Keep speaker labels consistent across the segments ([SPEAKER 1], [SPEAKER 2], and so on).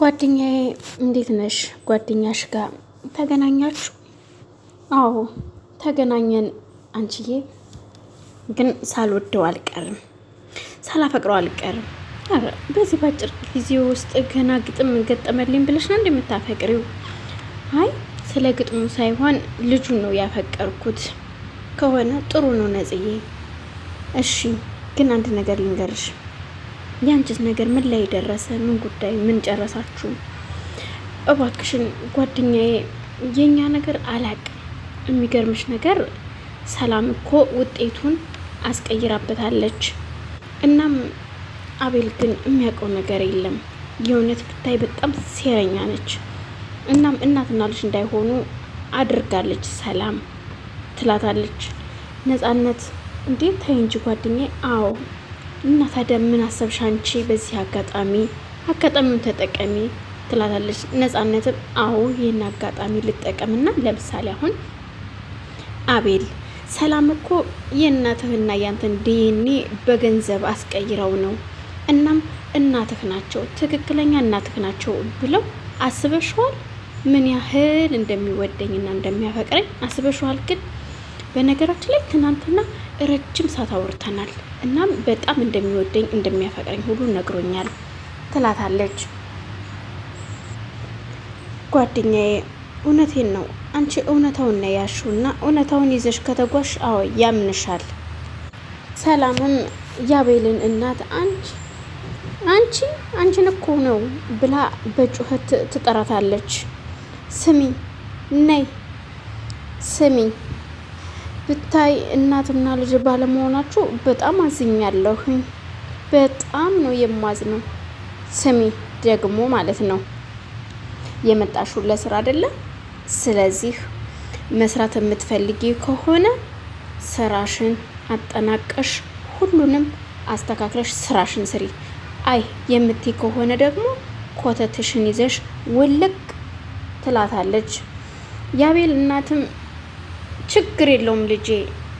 [SPEAKER 1] ጓደኛዬ እንዴት ነሽ? ጓደኛሽ ጋር ተገናኛችሁ? አዎ ተገናኘን አንቺዬ። ግን ሳልወደው አልቀርም፣ ሳላፈቅረው አልቀርም። ኧረ በዚህ ባጭር ጊዜ ውስጥ ገና ግጥም ገጠመልኝ ብለሽ ነው እንደምታፈቅሪው? አይ ስለ ግጥሙ ሳይሆን ልጁን ነው ያፈቀርኩት። ከሆነ ጥሩ ነው ነጽዬ። እሺ ግን አንድ ነገር ልንገርሽ ያንቺስ ነገር ምን ላይ ደረሰ? ምን ጉዳይ ምን ጨረሳችሁ? እባክሽን ጓደኛዬ፣ የኛ ነገር አላቅም። የሚገርምሽ ነገር ሰላም እኮ ውጤቱን አስቀይራበታለች። እናም አቤል ግን የሚያውቀው ነገር የለም። የእውነት ብታይ በጣም ሴረኛ ነች። እናም እናትና ልጅ እንዳይሆኑ አድርጋለች ሰላም ትላታለች። ነጻነት እንዴ ተይ እንጂ ጓደኛዬ። አዎ እና ታዲያ ምን አሰብሽ አንቺ? በዚህ አጋጣሚ አጋጣሚውን ተጠቀሚ ትላታለች። ነጻነትም አዎ ይህን አጋጣሚ ልጠቀምና ለምሳሌ አሁን አቤል ሰላም እኮ የእናትህና ያንተን ዲኤንኤ በገንዘብ አስቀይረው ነው እናም እናትህ ናቸው ትክክለኛ እናትህ ናቸው ብለው አስበሽዋል? ምን ያህል እንደሚወደኝና እንደሚያፈቅረኝ አስበሽዋል ግን በነገራችን ላይ ትናንትና ረጅም ሰዓት አውርተናል። እናም በጣም እንደሚወደኝ እንደሚያፈቅረኝ ሁሉ ነግሮኛል ትላታለች። ጓደኛዬ እውነቴን ነው። አንቺ እውነታውን ነው ያልሽው እና እውነታውን ይዘሽ ከተጓሽ አዎ ያምንሻል። ሰላምም ያቤልን እናት አንቺ አንቺ አንቺን እኮ ነው ብላ በጩኸት ትጠራታለች። ስሚ ነይ ስሚ ብታይ እናትና ልጅ ባለመሆናችሁ በጣም አዝኛለሁ በጣም ነው የማዝነው። ስሚ ደግሞ ማለት ነው የመጣሽው ለስራ አይደለም። ስለዚህ መስራት የምትፈልጊ ከሆነ ስራሽን አጠናቀሽ ሁሉንም አስተካክለሽ ስራሽን ስሪ። አይ የምትይ ከሆነ ደግሞ ኮተትሽን ይዘሽ ውልቅ ትላታለች። የአቤል እናትም ችግር የለውም ልጄ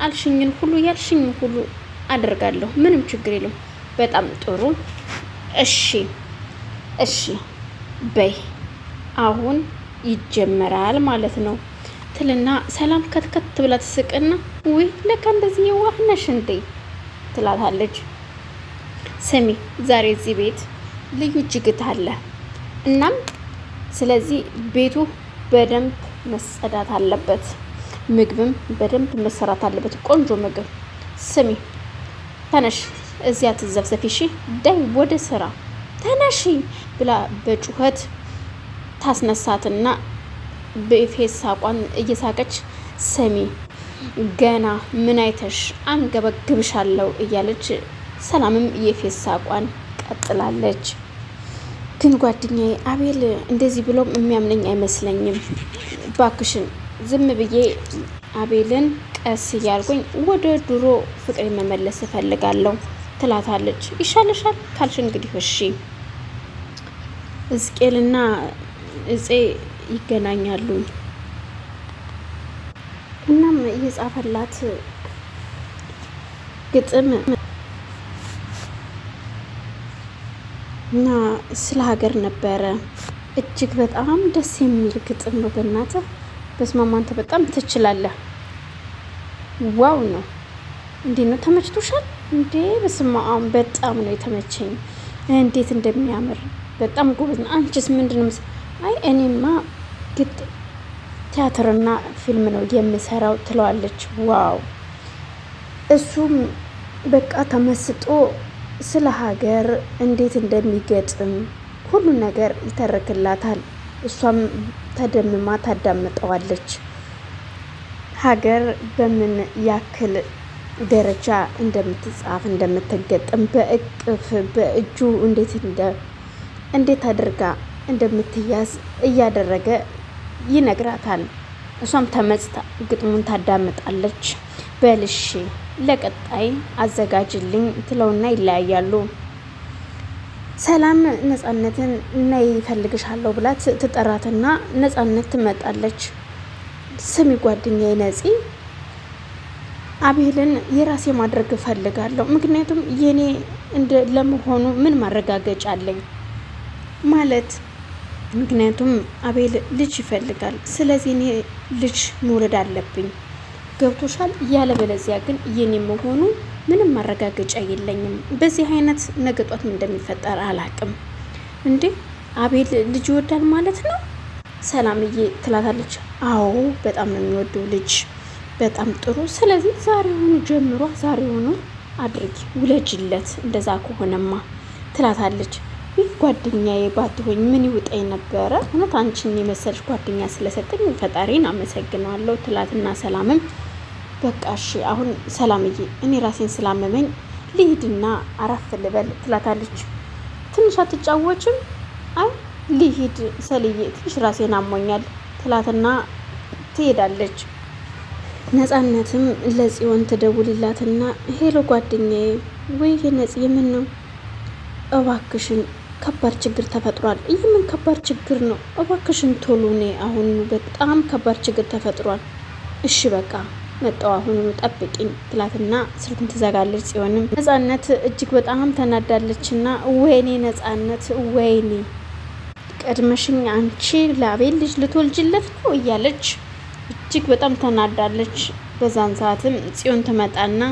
[SPEAKER 1] አልሽኝን ሁሉ ያልሽኝ ሁሉ አደርጋለሁ። ምንም ችግር የለውም። በጣም ጥሩ። እሺ እሺ በይ አሁን ይጀመራል ማለት ነው ትልና ሰላም ከትከት ብላ ትስቅና ውይ ለካ እንደዚህ የዋህ ነሽ እንዴ ትላታለች። ስሚ ዛሬ እዚህ ቤት ልዩ ጅግት አለ። እናም ስለዚህ ቤቱ በደንብ መጸዳት አለበት። ምግብም በደንብ መሰራት አለበት። ቆንጆ ምግብ። ስሚ ተነሽ፣ እዚያ ትዘፍዘፊ፣ እሺ ዳይ ወደ ስራ ተነሺ ብላ በጩኸት ታስነሳትና በፌስ ሳቋን እየሳቀች ስሚ ገና ምን አይተሽ አንገበግብሻለሁ እያለች ሰላምም የፌስ ሳቋን ቀጥላለች። ግን ጓደኛዬ አቤል እንደዚህ ብሎም የሚያምነኝ አይመስለኝም ባክሽን ዝም ብዬ አቤልን ቀስ እያልኩኝ ወደ ድሮ ፍቅሬ መመለስ እፈልጋለሁ ትላታለች። ይሻልሻል ካልሽ እንግዲህ እሺ። እዝቄልና እጼ ይገናኛሉ። እናም የጻፈላት ግጥም እና ስለ ሀገር ነበረ። እጅግ በጣም ደስ የሚል ግጥም ነው በእናትህ በስማማንተ በጣም ትችላለህ። ዋው ነው እንዴ ነው ተመችቶሻል እንዴ? በስማም በጣም ነው የተመቸኝ። እንዴት እንደሚያምር በጣም ጎበዝ ነው። አንቺስ ምንድን ነው? አይ እኔማ ግጥ ቲያትርና ፊልም ነው የምሰራው ትለዋለች። ዋው እሱም በቃ ተመስጦ ስለ ሀገር እንዴት እንደሚገጥም ሁሉ ነገር ይተርክላታል። እሷም ተደምማ ታዳምጠዋለች። ሀገር በምን ያክል ደረጃ እንደምትጻፍ እንደምትገጥም በእቅፍ በእጁ እንዴት እንዴት አድርጋ እንደምትያዝ እያደረገ ይነግራታል። እሷም ተመጽታ ግጥሙን ታዳምጣለች። በልሽ ለቀጣይ አዘጋጅልኝ ትለውና ይለያያሉ። ሰላም ነጻነትን ነይ ይፈልግሻለሁ ብላት ትጠራትና ነጻነት ትመጣለች። ስሚ ጓደኛዬ ነጺ አቤልን የራሴ ማድረግ እፈልጋለሁ። ምክንያቱም የኔ እንደ ለመሆኑ ምን ማረጋገጫ አለኝ? ማለት ምክንያቱም አቤል ልጅ ይፈልጋል። ስለዚህ እኔ ልጅ መውለድ አለብኝ። ገብቶሻል? ያለበለዚያ ግን የኔ መሆኑ ምንም ማረጋገጫ የለኝም። በዚህ አይነት ነገጧት እንደሚፈጠር አላቅም። እንዴ አቤል ልጅ ይወዳል ማለት ነው? ሰላምዬ ትላታለች። አዎ በጣም ነው የሚወደው ልጅ፣ በጣም ጥሩ። ስለዚህ ዛሬውኑ ጀምሯ፣ ዛሬውኑ አድርጊ፣ ውለጅለት፣ እንደዛ ከሆነማ ትላታለች። ይህ ጓደኛዬ ባትሆኝ ምን ይውጠኝ ነበረ? እውነት አንቺን የመሰለች ጓደኛ ስለሰጠኝ ፈጣሪን አመሰግነዋለሁ ትላትና ሰላምም በቃ እሺ አሁን ሰላምዬ፣ እኔ ራሴን ስላመመኝ ልሂድና አረፍ ልበል ትላታለች። ትንሽ አትጫወችም? አይ ልሂድ ሰልዬ፣ ትንሽ ራሴን አሞኛል ትላትና ትሄዳለች። ነጻነትም ለጽዮን ትደውልላትና ሄሎ ጓደኛዬ፣ ወይ ነጽ፣ የምን ነው እባክሽን ከባድ ችግር ተፈጥሯል። ይህምን ከባድ ችግር ነው? እባክሽን ቶሎ ነይ፣ አሁን በጣም ከባድ ችግር ተፈጥሯል። እሺ በቃ መጣው አሁን ጠብቂኝ ትላትና ስልኩን ትዘጋለች። ጽዮንም ነጻነት እጅግ በጣም ተናዳለችና ወይኔ ነጻነት ወይኔ ቀድመሽኝ አንቺ ለአቤል ልጅ ልትወልጅለት ነው እያለች እጅግ በጣም ተናዳለች። በዛን ሰዓትም ጽዮን ትመጣና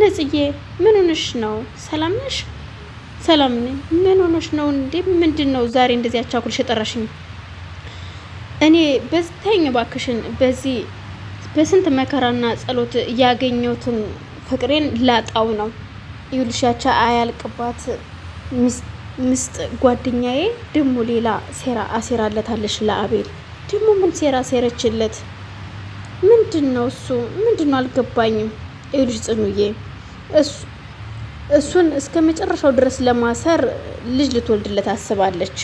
[SPEAKER 1] ነጽዬ ምን ሆነሽ ነው? ሰላም ነሽ? ሰላም ነኝ። ምን ሆነሽ ነው እንዴ? ምንድን ነው ዛሬ እንደዚህ አቻኩልሽ የጠራሽኝ? እኔ በዚህ ተይኝ እባክሽን በዚህ በስንት መከራና ጸሎት ያገኘሁትን ፍቅሬን ላጣው ነው። ይሁልሻቻ አያልቅባት ምስጥ ጓደኛዬ ደግሞ ሌላ ሴራ አሴራለታለች ለአቤል። ደግሞ ምን ሴራ ሴረችለት? ምንድን ነው እሱ? ምንድን ነው አልገባኝም። ይኸውልሽ ጽኑዬ እሱን እስከ መጨረሻው ድረስ ለማሰር ልጅ ልትወልድለት አስባለች።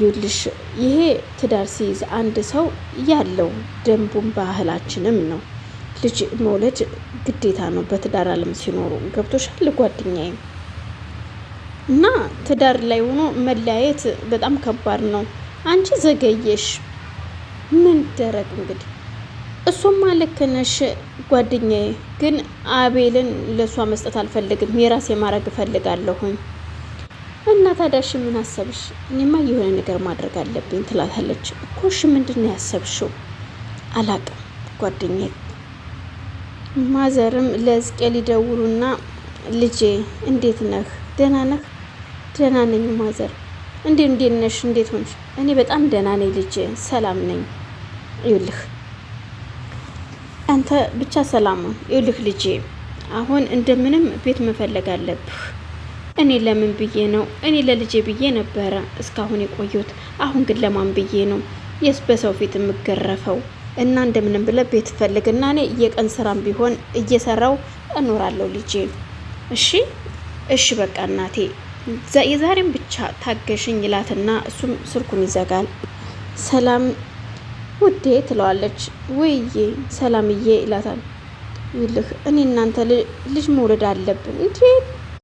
[SPEAKER 1] ይልሽ ይሄ ትዳር ሲይዝ አንድ ሰው ያለው ደንቡም ባህላችንም ነው። ልጅ መውለድ ግዴታ ነው በትዳር አለም ሲኖሩ ገብቶሻል ጓደኛዬ። እና ትዳር ላይ ሆኖ መለያየት በጣም ከባድ ነው። አንቺ ዘገየሽ፣ ምን ደረግ እንግዲህ። እሱም አለከነሽ ጓደኛዬ፣ ግን አቤልን ለእሷ መስጠት አልፈልግም፣ የራሴ ማድረግ እፈልጋለሁኝ። እና አዳሽ ምን አሰብሽ? እኔማ የሆነ ነገር ማድረግ አለብኝ ትላታለች። እኮሽ ምንድን ነው ያሰብሽው? አላቅም ጓደኛ። ማዘርም ለዝቄ ሊደውሉና ልጄ እንዴት ነህ? ደህና ነህ? ደህና ነኝ ማዘር። እንዴ እንዴት ነሽ? እንዴት ሆንሽ? እኔ በጣም ደህና ነኝ ልጄ፣ ሰላም ነኝ። ይኸውልህ አንተ ብቻ ሰላም ነው። ይኸውልህ ልጄ አሁን እንደምንም ቤት መፈለግ አለብህ እኔ ለምን ብዬ ነው? እኔ ለልጄ ብዬ ነበረ እስካሁን የቆዩት። አሁን ግን ለማን ብዬ ነው የስ በሰው ፊት የምገረፈው? እና እንደምንም ብለ ቤት ፈልግ እና እኔ የቀን ስራም ቢሆን እየሰራው እኖራለሁ ልጄ። እሺ እሺ፣ በቃ እናቴ የዛሬም ብቻ ታገሽኝ ይላትና እሱም ስልኩን ይዘጋል። ሰላም ውዴ ትለዋለች። ውይዬ ሰላምዬ ይላታል። ይልህ እኔ እናንተ ልጅ መውለድ አለብን እንዴ